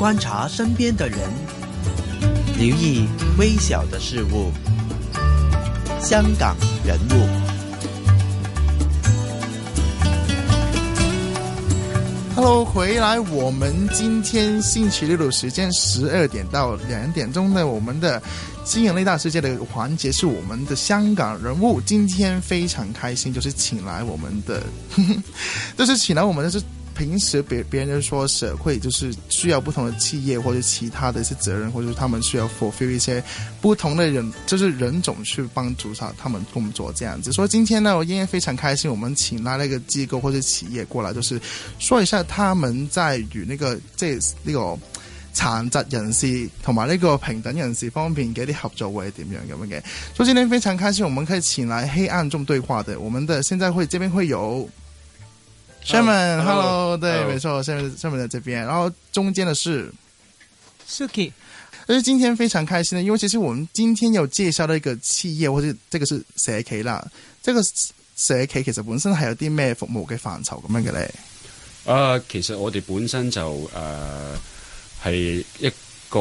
觀察身邊的人，留意微小的事物。香港人物，Hello，回來！我們今天星期六的時間，十二點到兩點鐘的我們的《新人類大世界》的環節是我們的香港人物。今天非常開心，就是請來我們的，呵呵就是請來我們的是。平時別別人就說社會就是需要不同的企業或者其他的一些責任，或者他們需要 fulfill 一些不同的人，就是人種去幫助他他們工作這樣子。所以今天呢，我今天非常開心，我們請來那個機構或者企業過來，就是說一下他們在與那個這那個、這個、殘疾人士同埋那個平等人士方面嘅一啲合作會係點樣咁樣嘅。有冇所以今天非常開心，我們可以請來黑暗中對話的，我們的現在會這邊會有。Sherman，Hello 對，hello，沒錯，Sherman Sherman 在這邊，然後中間的是 Suki，咁，Suki，而今天非常開心的因為其實我們今天又介紹到一個企業，或者即係、這個社企啦，即、這、係個社企其實本身係有啲咩服務嘅範疇咁樣嘅咧。啊、呃，其實我哋本身就誒係、呃、一個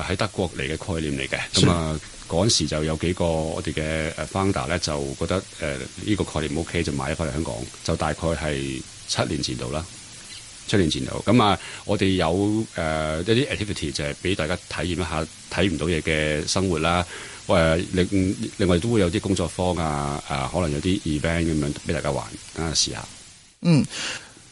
喺德國嚟嘅概念嚟嘅，咁啊嗰時就有幾個我哋嘅 founder 咧就覺得誒呢、呃這個概念 OK 就買咗返嚟香港，就大概係。七年前度啦，七年前度咁啊。我哋有誒一啲 activity 就係俾大家體驗一下睇唔到嘢嘅生活啦。喂、呃，另外另外都會有啲工作坊啊，啊、呃，可能有啲 event 咁樣俾大家玩啊，試下。嗯，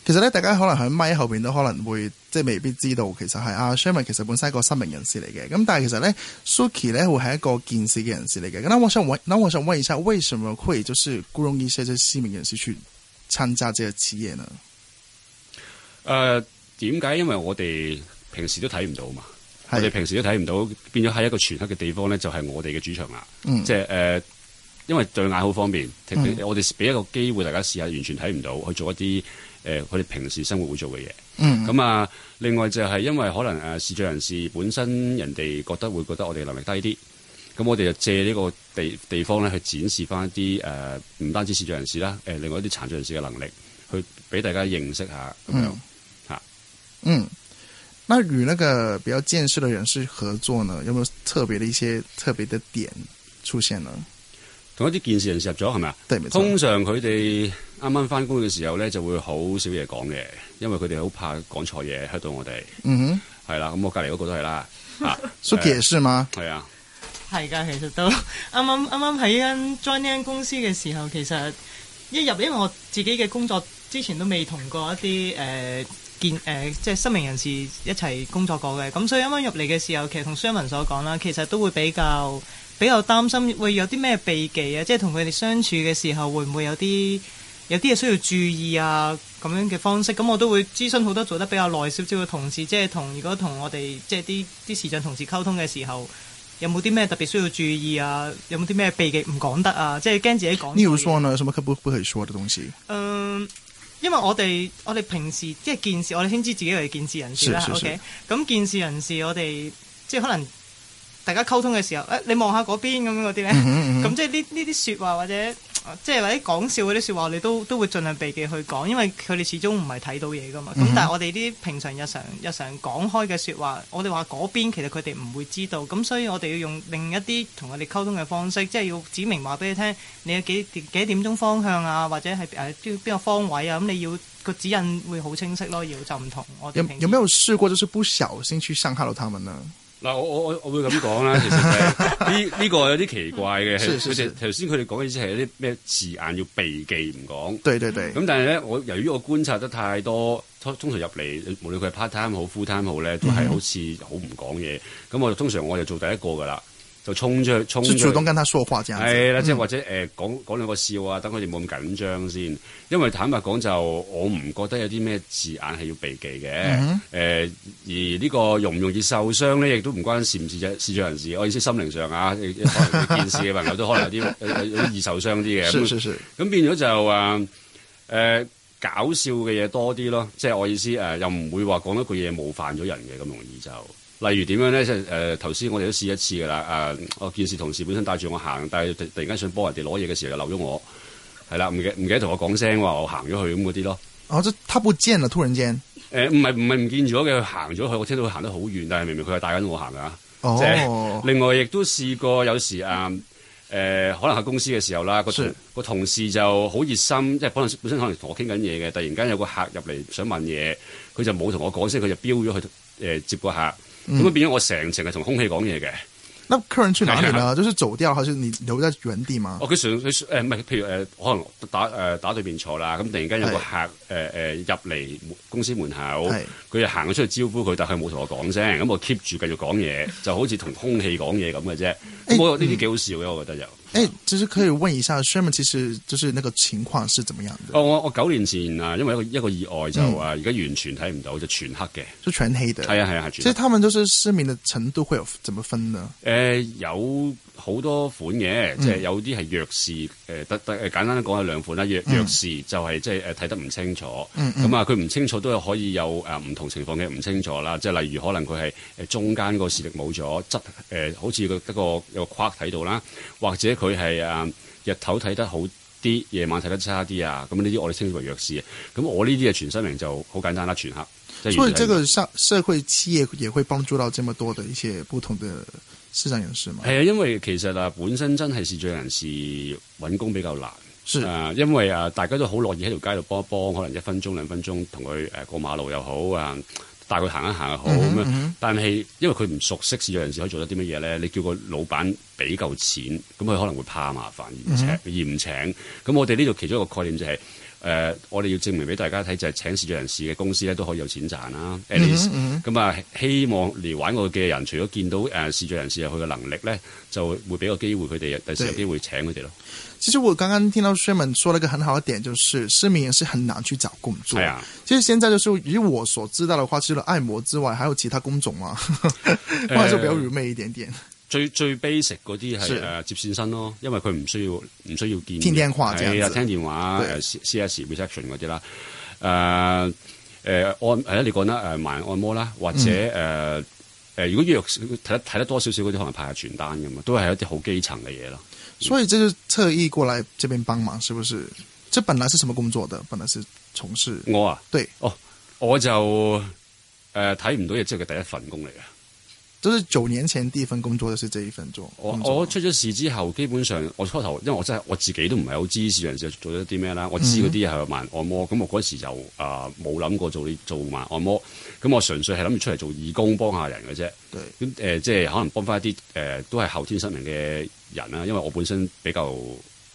其實咧，大家可能喺咪後邊都可能會即係未必知道，其實係阿、啊、Sherman 其實本身係一個失明人士嚟嘅。咁但係其實咧，Suki 咧會係一個健視嘅人士嚟嘅。咁，我想問，我想問一下，為什麼會就是雇傭一些即係失明人士去？參加這個企業呢？誒、呃，點解？因為我哋平時都睇唔到嘛，的我哋平時都睇唔到，變咗喺一個全黑嘅地方咧，就係我哋嘅主場啦。即係誒，因為對眼好方便，我哋俾一個機會大家試下，完全睇唔到去做一啲誒，佢、呃、哋平時生活會做嘅嘢。咁、嗯、啊，另外就係因為可能誒、呃，視障人士本身人哋覺得會覺得我哋能力低啲。咁我哋就借呢個地地方咧，去展示翻一啲呃、唔單止視障人士啦，呃、另外一啲殘障人士嘅能力，去俾大家認識下。嗯，好吧。嗯，那與那個比較見識的人士合作呢，有冇特別的一些特別的點出現呢？同一啲見識人士入咗係咪啊？通常佢哋啱啱翻工嘅時候咧，就會好少嘢講嘅，因為佢哋好怕講錯嘢嚇到我哋。嗯哼。係啦，咁我隔離嗰個都係啦。啊 的，做解釋嗎？係啊。係㗎，其實都啱啱啱啱喺間 join 呢間公司嘅時候，其實一入，因為我自己嘅工作之前都未同過一啲誒、呃、見誒、呃，即係失明人士一齊工作過嘅，咁所以啱啱入嚟嘅時候，其實同商文所講啦，其實都會比較比較擔心，會有啲咩避忌啊，即係同佢哋相處嘅時候，會唔會有啲有啲嘢需要注意啊咁樣嘅方式，咁我都會諮詢好多做得比較耐少少嘅同事，即係同如果同我哋即係啲啲視障同事溝通嘅時候。有冇啲咩特別需要注意啊？有冇啲咩避忌唔講得啊？即係驚自己講，你有冇話呢？什麼不不可以說嘅東西？嗯，因為我哋我哋平時即係見事，我哋先知自己係見事人士啦。OK，咁的見事人士我哋即係可能大家溝通嘅時候，哎、你望下嗰邊咁樣嗰啲咧，咁、嗯嗯、即係呢呢啲說話或者。即係或者講笑嗰啲說話，你都都會盡量避忌去講，因為佢哋始終唔係睇到嘢㗎嘛。咁、嗯、哼但係我哋啲平常日常日常講開嘅說話，我哋話嗰邊其實佢哋唔會知道。咁所以我哋要用另一啲同佢哋溝通嘅方式，即係要指明話俾你聽，你有幾點幾點鐘方向啊，或者係誒邊個方位啊。咁、嗯、你要個指引會好清晰咯，要就唔同我哋。有有沒有試過就是不小心去傷害到他們呢？嗱，我我我我會咁講啦，其實係呢呢個有啲奇怪嘅，其實頭先佢哋講嘅意思係有啲咩字眼要避忌唔講，對對對，咁但係咧，我由於我觀察得太多，通常入嚟無論佢係 part time 好 full time 好咧，都係好似好唔講嘢，咁、嗯、我通常我就做第一個噶啦。就衝出去，衝出去主動跟他說話這樣，係啦的，即係、嗯、或者誒、呃、講講兩個笑啊，等佢哋冇咁緊張先。因為坦白講，就我唔覺得有啲咩字眼係要避忌嘅。誒、嗯呃，而呢個容唔容易受傷咧，亦都唔關視唔視障視障人士。我意思，心靈上啊，一啲健視嘅朋友都可能有啲 易受傷啲嘅。咁是變咗就誒誒、呃、搞笑嘅嘢多啲咯。即係我意思誒、呃，又唔會說說個話講一句嘢冒犯咗人嘅咁容易就。例如點樣咧？即係誒頭先，我哋都試一次噶啦。誒、啊，我見事同事本身帶住我行，但係突，突然間想幫人哋攞嘢嘅時候，就留咗我係啦，唔記唔記得同我講聲話，我行咗去咁嗰啲咯。哦，就他不見了，突然間誒，唔係唔係唔見住咗嘅，佢行咗去。我聽到佢行得好遠，但係明明佢係帶緊我行啊。哦、就是，另外亦都試過有時誒，誒、呃、可能喺公司嘅時候啦，個同是同事就好熱心，即係可本身可能同我傾緊嘢嘅，突然間有個客入嚟想問嘢，佢就冇同我講聲，佢就飆咗去誒、呃、接個客。咁啊、嗯、變咗我成程係同空氣講嘢嘅，那客人去哪裡呢？行就是走掉，還是你留在原地嘛。哦，佢上佢誒唔係，譬如誒、呃、可能打誒、呃、打對面坐啦，咁、呃、突然間有個客誒誒入嚟公司門口，佢是就行咗出去招呼佢，但係冇同我講聲，咁是、嗯、我 keep 住繼續講嘢，就好似同空氣講嘢咁嘅啫。我覺得呢啲幾好笑嘅，我覺得又。嗯誒，其實可以問一下，Sir 們，其實就是那個情況是怎麼樣的哦，我我九年前啊，因為一個一個意外就啊，而家、嗯、完全睇唔到，就全黑嘅，就全黑嘅。係啊係啊係，即係他們都是失明嘅程度會有怎麼分呢？誒、呃，有好多款嘅，即係有啲係弱視，誒得得，簡單講下兩款啦。弱、嗯、弱視就係、是、即係誒睇得唔清楚，咁啊佢唔清楚都係可以有誒唔、啊、同情況嘅唔清楚啦，即係例如可能佢係誒中間個視力冇咗，側誒、呃、好似個一個有個框睇到啦，或者。佢係啊，日頭睇得好啲，夜晚睇得差啲啊。咁呢啲我哋稱為弱視啊。咁、嗯、我呢啲嘅全失明就好簡單啦、啊，全黑。所以，這個社社會企業也會幫助到這麼多的一些不同的視障人士嘛。係啊，因為其實啊，本身真係視障人士揾工比較難。啊是、呃，因為啊，大家都好樂意喺條街度幫一幫，可能一分鐘兩分鐘同佢誒過馬路又好啊。帶佢行一行又好咁樣，嗯嗯、但係因為佢唔熟悉，視障人士可以做得啲乜嘢咧？你叫個老闆俾夠錢，咁佢可能會怕麻煩而唔請，嗯、哼而唔請。咁我哋呢度其中一個概念就係、是。誒、呃，我哋要證明俾大家睇就係、是、請視障人士嘅公司咧都可以有錢賺啦。咁、嗯、啊，嗯、希望嚟玩我嘅人，除咗見到誒視障人士有佢嘅能力咧，就會俾個機會佢哋，第時對有機會請佢哋咯。其實我剛剛聽到 Sherman 講咗一個很好嘅點，就是市民是很難去找工作。啊、其實現在就是以我所知道嘅話，除了按摩之外，還有其他工種啊，或者 就比較愚昧一點點。欸最最 basic 嗰啲係誒接線生咯，因為佢唔需要唔需要見聽、啊、聽電話，聽電話誒 C C S reception 嗰啲啦。誒誒、呃呃、按誒你講得誒，慢、呃、按摩啦，或者誒誒、嗯呃，如果弱睇得睇得多少少啲，可能派下傳單咁嘛，都係一啲好基層嘅嘢咯。嗯、所以即係特意過嚟呢邊幫忙，是不是？即係本來是什麼工作的？本來是從事我啊？對哦，我就誒睇唔到嘢即係佢第一份工嚟嘅。都係九年前第一份工作，就係這一份做。我出咗事之後，基本上我初頭，因為我真係我自己都唔係好知事，市場上做咗啲咩啦。我知嗰啲係慢按摩，咁我嗰時就啊冇諗過做做慢按摩。咁我純粹係諗住出嚟做義工幫，幫下人嘅啫。咁誒、呃，即係可能幫翻一啲誒、呃，都係後天失明嘅人啦。因為我本身比較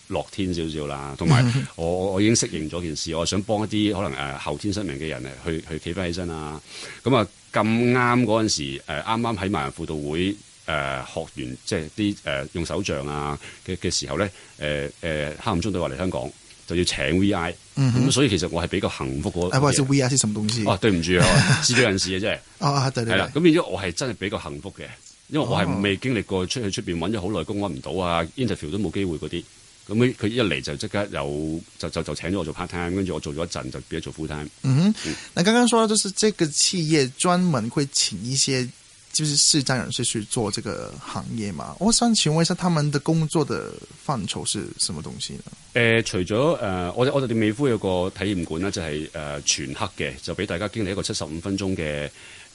樂天少少啦，同埋我我已經適應咗件事，我想幫一啲可能誒、呃、後天失明嘅人咧，去去企翻起身啊。咁啊。咁啱嗰陣時，啱啱喺盲人輔導會誒、呃、學完，即係啲誒用手杖啊嘅嘅時候咧，誒、呃、誒、呃、黑暗中對話嚟香港，就要請 V I，咁所以其實我係比較幸福嗰。啊，唔係，做 V I，是什麼東西？啊對唔住啊，對 我知咗有事啊，啫。係。哦哦，啦，咁因為我係真係比較幸福嘅，因為我係未經歷過出去出面搵咗好耐工揾唔到啊，interview 都冇機會嗰啲。咁佢一嚟就即刻有就就就請咗我做 part time，跟住我做咗一陣就變咗做 full time。嗯哼，那剛剛講到就是這個企業專門會請一些就是視障人士去做這個行業嘛，我想請問一下，他們的工作的範疇是什麼東西呢？誒、呃，除咗誒、呃，我哋我哋美孚有個體驗館呢就係、是、誒、呃、全黑嘅，就俾大家經歷一個七十五分鐘嘅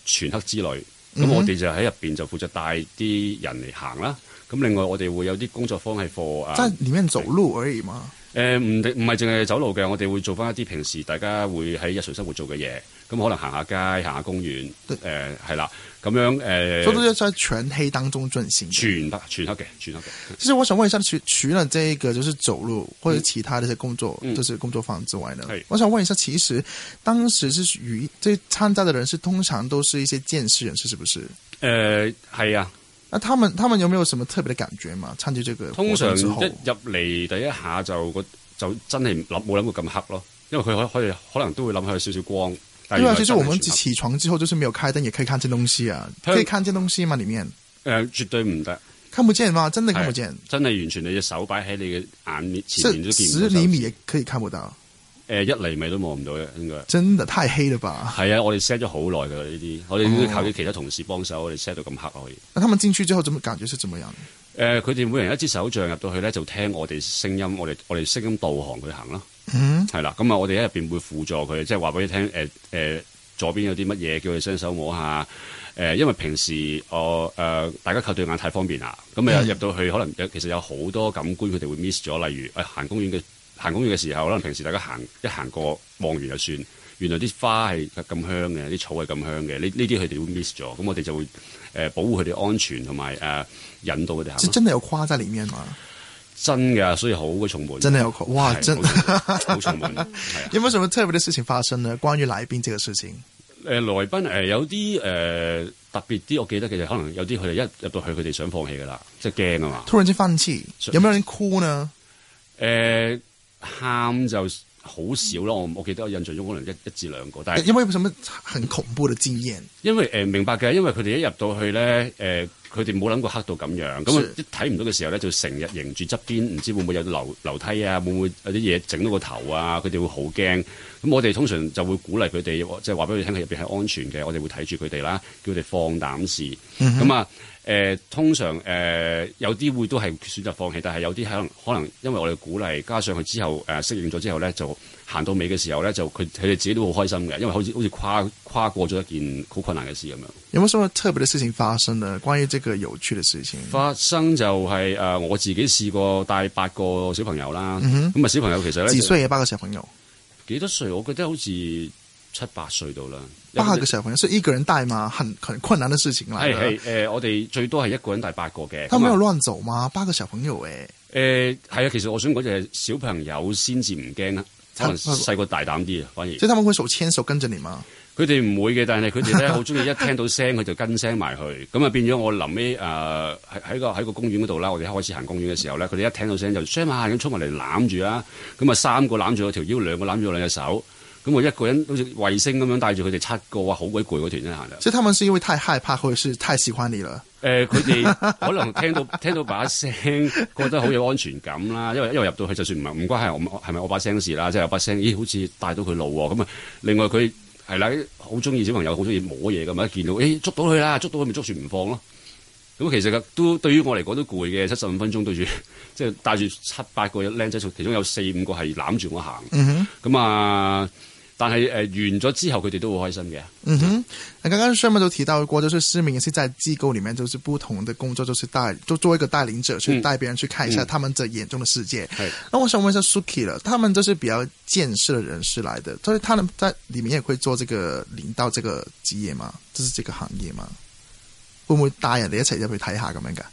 全黑之旅。咁我哋就喺入邊就負責帶啲人嚟行啦。咁另外我哋會有啲工作方式課啊。即係裏面走路而已嘛？誒、呃，唔唔係淨係走路嘅，我哋會做翻一啲平時大家會喺日常生活做嘅嘢。咁可能行下街，行下公園，誒係對、呃、啦，咁樣誒，都都喺全黑當中進行，全黑全黑嘅，全黑嘅。其實我想問一下，除除了這個，就是走路、嗯、或者其他啲嘅工作，嗯、就是工作坊之外呢？嗯、我想問一下，其實當時是與即係參加的人士通常都是一些見識人士，是不是？誒係、呃、啊，那他們他們有沒有什麼特別嘅感覺嘛？參加這個，通常一入嚟第一下就就真係諗冇諗過咁黑咯，因為佢可可以可能都會諗起有少少光。對啊，其實我們起床之後，就是沒有開燈也可以看見東西啊，可以看見東西嗎？裏面誒、呃，絕對唔得，看不見嗎？真的看不見，真係完全你隻手擺喺你嘅眼前面是前面都見唔到手。十厘米也可以看不到，誒、呃、一厘米都望唔到嘅應該。真的太黑了吧？係啊，我哋 set 咗好耐噶呢啲，我哋靠啲其他同事幫手，我哋 set 到咁黑可以。哦、那他們進去之後，怎麼感覺是怎麼樣？誒、呃，佢哋每人一支手杖入到去咧，就聽我哋聲音，我哋我哋聲音導航佢行咯。嗯，係啦，咁啊，我哋喺入邊會輔助佢，即係話俾你聽，誒、呃、誒、呃，左邊有啲乜嘢，叫佢雙手摸下，誒、呃，因為平時我誒、呃、大家靠對眼太方便啦，咁啊入到去可能其實有好多感官佢哋會 miss 咗，例如誒、呃、行公園嘅行公園嘅時候，可能平時大家行一行過望完就算，原來啲花係咁香嘅，啲草係咁香嘅，呢呢啲佢哋會 miss 咗，咁我哋就會誒、呃、保護佢哋安全同埋誒引導佢哋行。真係有花喺裏面嘛。真嘅，所以好嘅重門。真係有，很重哇！真好 重門。係啊，有冇什麼特別的事情發生呢？關於來賓這個事情，誒、呃，來賓誒、呃，有啲誒、呃、特別啲，我記得其實就可能有啲佢哋一入到去，佢哋想放棄噶啦，即係驚啊嘛。突然之間放棄，有冇人哭呢？誒、呃，喊就好少啦。我我記得我印象中可能一一至兩個，但係因為有冇什麼很恐怖的經驗、呃？因為誒明白嘅，因為佢哋一入到去咧，誒。佢哋冇諗過黑到咁樣，咁佢睇唔到嘅時候咧，就成日迎住側邊，唔知會唔會有啲樓，樓梯啊，會唔會有啲嘢整到個頭啊？佢哋會好驚。咁我哋通常就會鼓勵佢哋，即係話俾佢聽，佢入面係安全嘅，我哋會睇住佢哋啦，叫佢哋放膽試。咁啊、mm hmm. 呃，通常誒、呃、有啲會都係選擇放棄，但係有啲可能可能因為我哋鼓勵，加上佢之後誒、呃、適應咗之後咧就，行到尾嘅時候咧，就佢佢哋自己都好開心嘅，因為好似好似跨跨過咗一件好困難嘅事咁樣。有冇什麼特別嘅事情發生呢？關於這個有趣嘅事情發生就係、是呃，我自己試過帶八個小朋友啦。咁啊、嗯哼，小朋友其實咧，幾多歲嘅八個小朋友？幾多歲？我覺得好似七八歲到啦。八個小朋友所以一個人帶嘛，很很困難嘅事情啦。係係誒，我哋最多係一個人帶八個嘅。佢冇亂走嘛，八個小朋友，誒誒係啊。其實我想講就係小朋友先至唔驚啦。可能細個大膽啲啊，反而即係他們會手牽手跟住你嘛？佢哋唔會嘅，但係佢哋咧，好中意一聽到聲，佢 就跟聲埋去。咁啊變咗我臨尾誒喺個喺個公園嗰度啦。我哋一開始行公園嘅時候咧，佢哋一聽到聲就唰下咁衝埋嚟攬住啊！咁啊三個攬住我條腰，兩個攬住我兩隻手。咁我一個人好似衛星咁樣帶住佢哋七個啊，好鬼攰嗰團真係啦！即係他們係因為太害怕，或者是太喜歡你啦？誒、呃，佢哋可能聽到 聽到把聲，覺得好有安全感啦。因為因為入到去，就算唔係唔關係，我係咪我把聲事啦？即係有把聲，咦，好似帶到佢路喎。咁啊，另外佢係啦，好中意小朋友，好中意摸嘢㗎嘛。一見到，誒，捉到佢啦，捉到佢咪捉住唔放咯。咁其實都對於我嚟講都攰嘅，七十五分鐘對住，即係帶住七八個僆仔，其中有四五個係攬住我行。嗯哼，咁啊～但係誒、呃，完咗之後佢哋都好開心嘅。嗯哼，那剛剛 Sham 都提到過，就是市民是在機構裏面就是不同的工作，就是帶做做一個帶領者，去帶別人去看一下他們這眼中的世界。嗯嗯、那我想問一下 Suki 了，他們就是比較見識的人士來的，所以他們在裏面也會做這個領導這個職業嘛？就是這個行業嘛？會唔會帶人哋一齊入去睇下咁樣噶？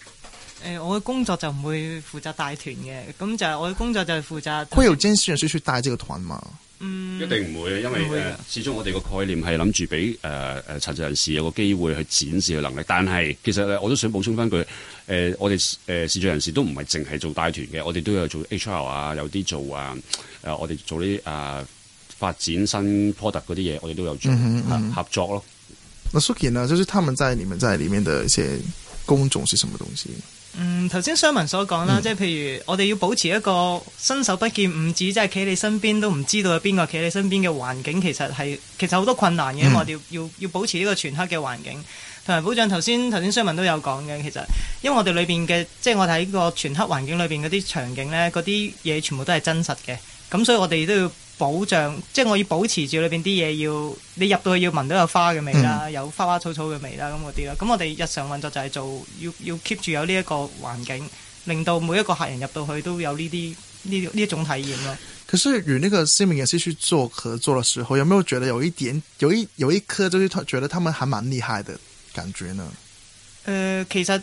誒、欸，我嘅工作就唔會負責帶團嘅，咁就係我嘅工作就係負責。佢由詹先生出帶呢個團嘛？嗯，一定唔會，因為的、呃、始終我哋個概念係諗住俾誒誒殘疾人士有個機會去展示嘅能力。但係其實我都想補充返句誒，我哋誒視障人士都唔係淨係做帶團嘅，我哋都有做 HR 啊，有啲做啊誒、呃，我哋做啲誒、呃、發展新 product 嗰啲嘢，我哋都有做嗯哼嗯哼合作咯。那 Suki 呢，就係他們在你們在裡面嘅一些工種是什麼東西？嗯，頭先商文所講啦，嗯、即係譬如我哋要保持一個伸手不見五指，即係企你身邊都唔知道有邊個企你身邊嘅環境，其實係其實好多困難嘅。嗯、因為我哋要要保持呢個全黑嘅環境，同埋保障頭先頭先商文都有講嘅，其實因為我哋裏邊嘅，即係我哋喺個全黑環境裏邊嗰啲場景咧，嗰啲嘢全部都係真實嘅，咁所以我哋都要。保障即係我要保持住裏邊啲嘢，要你入到去要聞到有花嘅味啦，嗯、有花花草草嘅味啦咁啲啦。咁我哋日常運作就係做要要 keep 住有呢一個環境，令到每一個客人入到去都有呢啲呢呢一種體驗咯。可是與呢個新明影視去做合作的時候，有沒有覺得有一點有一有一刻就是覺得他們還蠻厲害的感覺呢？誒、呃，其實。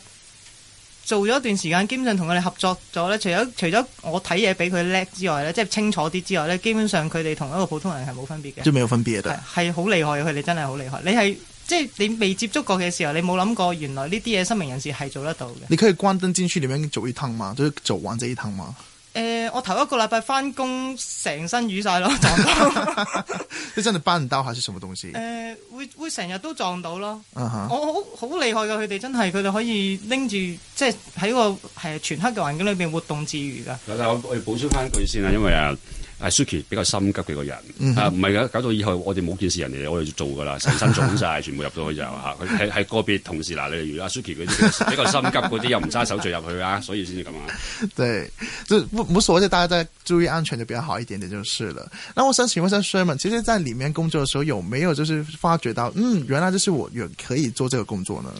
做咗一段時間，基本上同佢哋合作咗咧，除咗除咗我睇嘢比佢叻之外咧，即係清楚啲之外咧，基本上佢哋同一個普通人係冇分別嘅，即係冇分別嘅。係係好厲害，佢哋真係好厲害。你係即係你未接觸過嘅時候，你冇諗過原來呢啲嘢失明人士係做得到嘅。你可以關燈煎穿點樣做一趟嘛，即係走完這一趟嘛。誒、呃，我頭一個禮拜翻工，成身雨晒咯，撞到。 你真係班唔到下出什麼東西？誒、呃，會會成日都撞到咯。Uh huh. 我好好厲害噶，佢哋真係，佢哋可以拎住，即係喺個係全黑嘅環境裏邊活動自如噶。但我我要補充翻句先啦，因為啊。阿 Suki 比較心急嘅個人、嗯、哼啊，唔係嘅，搞到以後我哋冇件事人嚟，我哋就做噶啦，全身腫晒 全部入到去就嚇，喺係個別同事嗱，例如阿 Suki 嗰啲比較心急嗰啲， 又唔揸手錶入去啊，所以先至咁樣。對，就無所謂，大家再注意安全就比較好一點點就是了。那我想請問下 Sherman，其實在裡面工作嘅時候，有沒有就是發覺到，嗯，原來就是我有可以做呢個工作呢？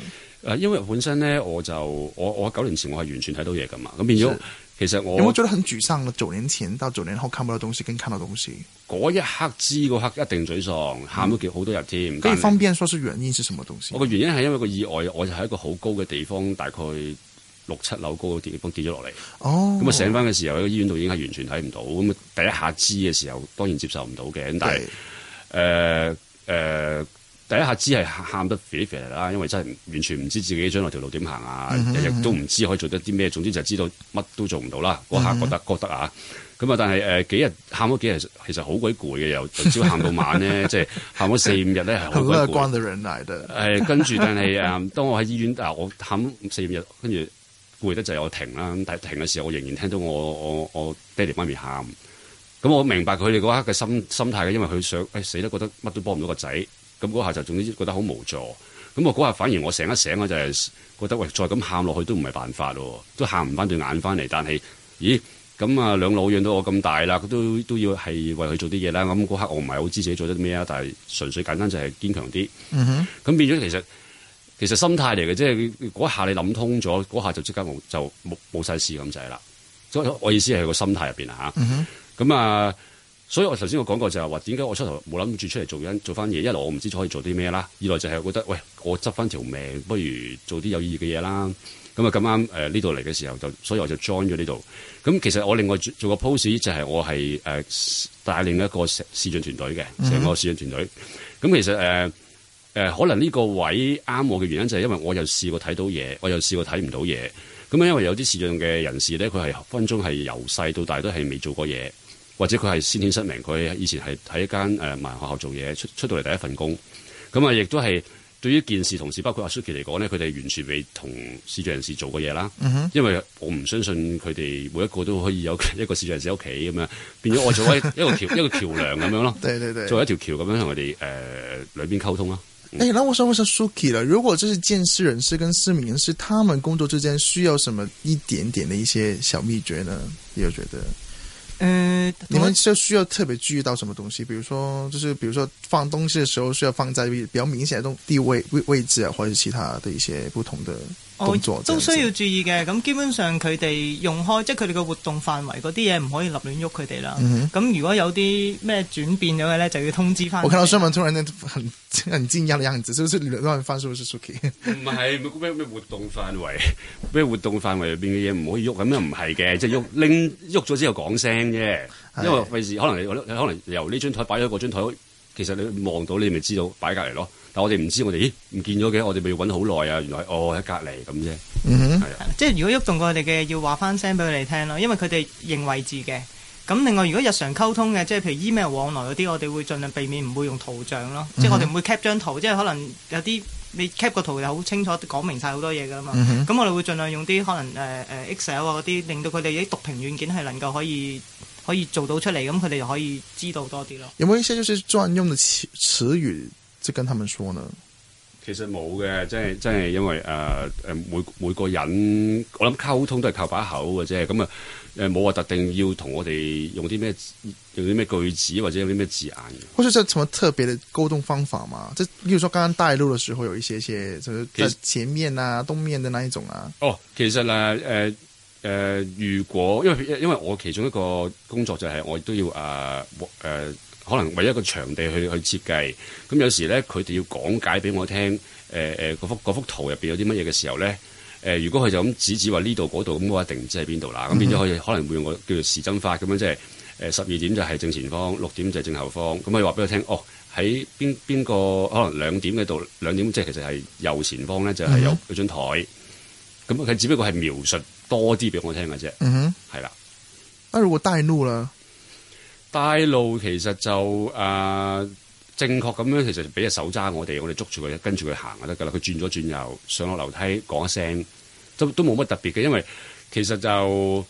誒、啊，因為本身咧，我就我我九年前我係完全睇到嘢噶嘛，咁變咗。其實我有冇覺得很沮喪啦，九年前到九年後，看不到東西跟看到東西。嗰一刻知，嗰刻一定沮喪，喊咗幾好多日添。咁、嗯、是方便，說是原因是什麼東西？我個原因係因為個意外，我就喺一個好高嘅地方，大概六七樓高嘅地方跌咗落嚟。哦，咁啊醒翻嘅時候喺個醫院度已經係完全睇唔到，咁第一下知嘅時候，當然接受唔到嘅。但係，誒誒對。呃呃第一下知係喊得肥肥嚟啦，因為真係完全唔知自己將來條路點行啊，日、mm hmm. 都唔知可以做得啲咩。總之就知道乜都做唔到啦。嗰刻覺得、mm hmm. 覺得啊，咁啊，但係誒、呃、幾日喊咗幾日，其實好鬼攰嘅，由朝喊到晚咧， 即係喊咗四五日咧，係好鬼攰。好人嚟嘅誒，跟住但係誒、啊，當我喺醫院嗱、啊，我喊四五日，跟住攰得就係我停啦。但係停嘅時候，我仍然聽到我我我爹哋媽咪喊。咁我明白佢哋嗰刻嘅心心態嘅，因為佢想誒、哎、死得覺得乜都幫唔到個仔。咁嗰下就總之覺得好無助，咁我嗰下反而我醒一醒我就係覺得喂，再咁喊落去都唔係辦法咯，都喊唔翻對眼翻嚟。但係，咦，咁啊兩老養到我咁大啦，佢都都要係為佢做啲嘢啦。咁嗰刻我唔係好知自己做咗啲咩啊，但係純粹簡單就係堅強啲。咁、嗯、哼變咗其實其實心態嚟嘅，即係嗰下你諗通咗，嗰下就即刻冇就冇冇曬事咁就係啦。所以我意思係個心態入邊啊嚇。咁啊。嗯哼所以我頭先我講過就係話，點解我出頭冇諗住出嚟做人做翻嘢？一來我唔知可以做啲咩啦，二來就係覺得喂，我執翻條命，不如做啲有意義嘅嘢啦。咁啊咁啱誒呢度嚟嘅時候就，就所以我就 join 咗呢度。咁其實我另外做個 pose 就係我係誒、呃、帶另一個視像團隊嘅成個視像團隊。咁、mm hmm. 其實誒、呃呃、可能呢個位啱我嘅原因就係因為我又試過睇到嘢，我又試過睇唔到嘢。咁因為有啲視像嘅人士咧，佢係分分鐘係由細到大都係未做過嘢。或者佢係先天失明，佢以前係喺一間誒盲人學校做嘢，出出到嚟第一份工，咁啊亦都係對於見視同事，包括阿 Suki 嚟講呢，佢哋完全未同視障人士做過嘢啦。嗯、哼因為我唔相信佢哋每一個都可以有一個視障人士屋企咁樣，變咗我做一一個橋 一個橋樑咁樣咯。 對對對，作為一條橋咁樣同佢哋誒兩邊溝通啦。誒、嗯欸，我想問下 Suki 啦，如果這是見視人士跟市民人士，他們工作之間需要什麼一點點的一些小秘訣呢？你有覺得？嗯，呃，你們就需要特別注意到什麼東西？比如說，就是比如說放東西的時候，需要放在比，比較明顯的這種地位位位置啊，或者其他的一些不同的。都需要注意嘅，咁基本上佢哋用開，即係佢哋嘅活動範圍嗰啲嘢唔可以立亂喐佢哋啦。咁、嗯、哼如果有啲咩轉變咗嘅咧，就要通知翻。我看到雙文突然很很驚訝嘅樣子，就是唔、就是 Suki？唔係，咩咩活動範圍？咩活動範圍入邊嘅嘢唔可以喐？咁又唔係嘅，即係喐拎喐咗之後講聲啫。的因為費事，可能你可能由呢張台擺咗嗰張台，其實你望到你咪知道擺隔離咯。但我哋唔知，我哋咦唔見咗嘅，我哋咪要揾好耐啊！原來哦喺隔籬咁啫，係、mm hmm. 啊、即係如果喐動，動過佢哋嘅，要話返聲俾佢哋聽咯，因為佢哋認位置嘅。咁另外如果日常溝通嘅，即係譬如 email 往來嗰啲，我哋會盡量避免唔會用圖像咯，mm hmm. 即係我哋唔會 cap 張圖，即係可能有啲你 cap 個圖就好清楚講明晒好多嘢噶嘛。咁、mm hmm. 我哋會盡量用啲可能誒誒、呃呃、excel 啊嗰啲，令到佢哋啲讀屏軟件係能夠可以可以做到出嚟，咁佢哋就可以知道多啲咯。有冇一些就是專用嘅詞詞語？即跟他們說呢，其實冇嘅，即係即係因為誒誒、呃、每每個人，我諗溝通都係靠把口嘅啫。咁啊，誒冇話特定要同我哋用啲咩用啲咩句子或者用啲咩字眼嘅。或者是有冇特別嘅溝通方法嘛？即係，例如說剛剛帶路嘅時候，有一些些，就是前面啊，其實，東面嘅那一種啊。哦，其實誒誒誒，如果因為因為我其中一個工作就係我都要誒誒。呃呃可能為一個場地去去設計，咁有時咧佢哋要講解俾我聽，誒誒嗰幅嗰幅圖入邊有啲乜嘢嘅時候咧，誒、呃、如果佢就咁指指話呢度嗰度，咁我一定唔知喺邊度啦。咁、嗯、哼變咗可以可能會用個叫做時針法咁樣、就是，即係誒十二點就係正前方，六點就係正後方。咁佢話俾我聽，哦喺邊邊個可能兩點嗰度，兩點即係其實係右前方咧，就係有有張台。咁佢、嗯、哼只不過係描述多啲俾我聽嘅啫。嗯係哼啦。但的如果帶路啦？大路其實就誒、呃、正確咁樣，其實俾隻手揸我哋，我哋捉住佢，跟住佢行就得噶啦。佢轉左轉右，上落樓梯，講一聲都都冇乜特別嘅，因為其實就誒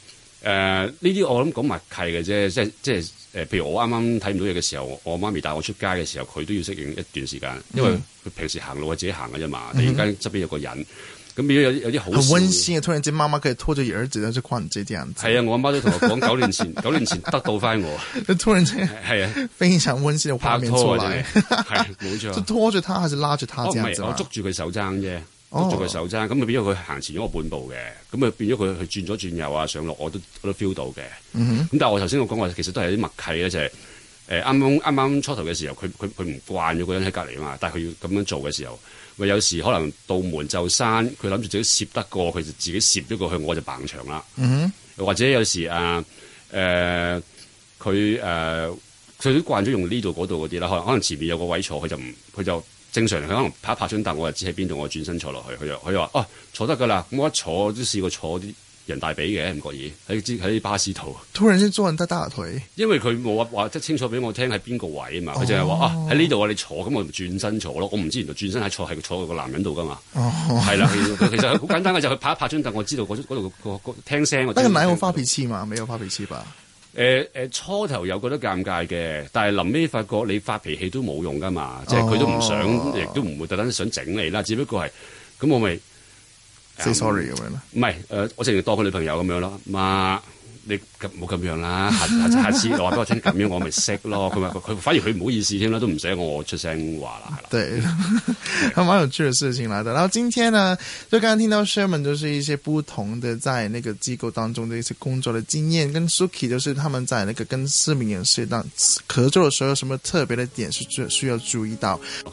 呢啲我諗講埋契嘅啫，即即誒、呃，譬如我啱啱睇唔到嘢嘅時候，我媽咪帶我出街嘅時候，佢都要適應一段時間，因為佢平時行路係自己行嘅啫嘛，突然間側邊有個人。嗯咁變咗有啲有啲好，溫馨啊！突然間媽媽可以拖住兒子咧，就跨完這陣。係啊，我阿媽都同我講，九 年前九年前得到翻我。 突然間係啊，非常溫馨嘅畫面出嚟。係冇錯，就拖住他，還是拉住他，哦、唔係我捉住佢手踭啫，捉住佢手踭。咁啊，變咗佢行前咗我半步嘅。咁啊，變咗佢去轉左轉右啊，上落，啊、我都我都 feel 到嘅。咁、嗯、哼但係我頭先我講話，其實都係有啲默契咧，就係誒啱啱啱啱初頭嘅時候，佢佢佢唔慣咗個人喺隔籬啊嘛，但係佢要咁樣做嘅時候。咪有時可能道門就閂，佢諗住自己攝得過，佢就自己攝咗過去，我就掹牆啦。嗯哼、mm，hmm. 或者有時啊，誒、呃，佢、呃、誒，佢都、呃、慣咗用呢度嗰度嗰啲啦。可能可能前面有個位坐，佢就唔，佢就正常。佢可能拍一拍張凳，我就知喺邊度，我轉身坐落去。佢又佢又話：哦、啊，坐得㗎啦。咁我一坐都試過坐啲。人大髀嘅唔覺意喺啲喺巴士度，突然間撞人隻大腿。因為佢冇話話即係清楚俾我聽喺邊個位啊嘛，佢淨係話啊喺呢度啊，你坐，咁我轉身坐咯，我唔知原來轉身係坐喺坐個男人度噶嘛，係啦、oh. 其實好簡單嘅就佢、是、拍一拍張凳，我知道嗰度個聽聲。不過唔係我發脾氣嘛，未有發脾氣吧？誒誒、呃呃，初頭有覺得尷尬嘅，但係臨尾發覺你發脾氣都冇用噶嘛，oh. 即係佢都唔想，亦都唔會特登想整你啦，只不過係咁，我咪。但 say sorry 咁樣,樣啦，唔係，誒，我淨係要多佢女朋友咁樣咯。媽，你冇咁樣啦，下下次我話俾我聽咁樣，我咪識咯。佢話佢反而佢唔好意思添啦，都唔使我出聲話啦。對，係蠻 對有趣嘅事情嚟嘅？然後今天呢，就剛聽到 Sherman，就是一些不同的在那個機構當中嘅一些工作的經驗，跟 Suki，就是他們在那個跟市民人士當合作嘅時候，有什麼特別嘅點是注需要注意到。Oh.